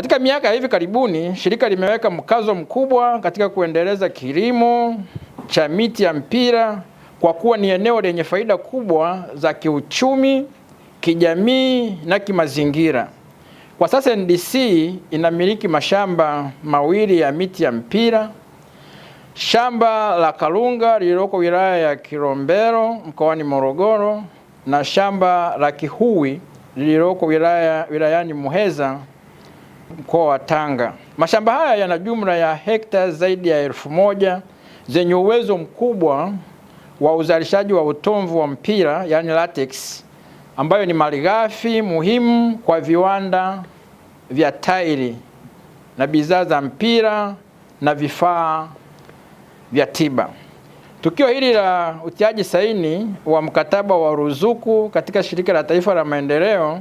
Katika miaka ya hivi karibuni, shirika limeweka mkazo mkubwa katika kuendeleza kilimo cha miti ya mpira kwa kuwa ni eneo lenye faida kubwa za kiuchumi, kijamii na kimazingira. Kwa sasa NDC inamiliki mashamba mawili ya miti ya mpira, shamba la Kalunga lililoko wilaya ya Kilombero mkoani Morogoro na shamba la Kihuwi lililoko wilaya wilayani Muheza mkoa wa Tanga. Mashamba haya yana jumla ya hekta zaidi ya elfu moja zenye uwezo mkubwa wa uzalishaji wa utomvu wa mpira yani latex, ambayo ni malighafi muhimu kwa viwanda vya tairi na bidhaa za mpira na vifaa vya tiba. Tukio hili la utiaji saini wa mkataba wa ruzuku katika Shirika la Taifa la Maendeleo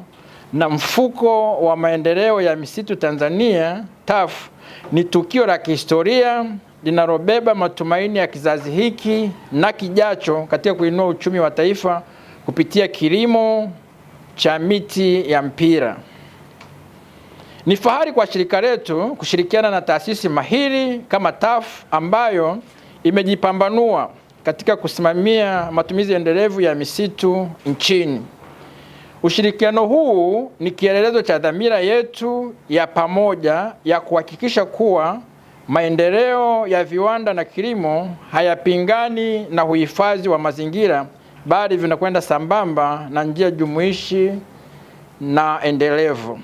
na mfuko wa maendeleo ya misitu Tanzania TAF ni tukio la kihistoria linalobeba matumaini ya kizazi hiki na kijacho katika kuinua uchumi wa taifa kupitia kilimo cha miti ya mpira. Ni fahari kwa shirika letu kushirikiana na taasisi mahiri kama TAF ambayo imejipambanua katika kusimamia matumizi endelevu ya misitu nchini. Ushirikiano huu ni kielelezo cha dhamira yetu ya pamoja ya kuhakikisha kuwa maendeleo ya viwanda na kilimo hayapingani na uhifadhi wa mazingira bali vinakwenda sambamba na njia jumuishi na endelevu.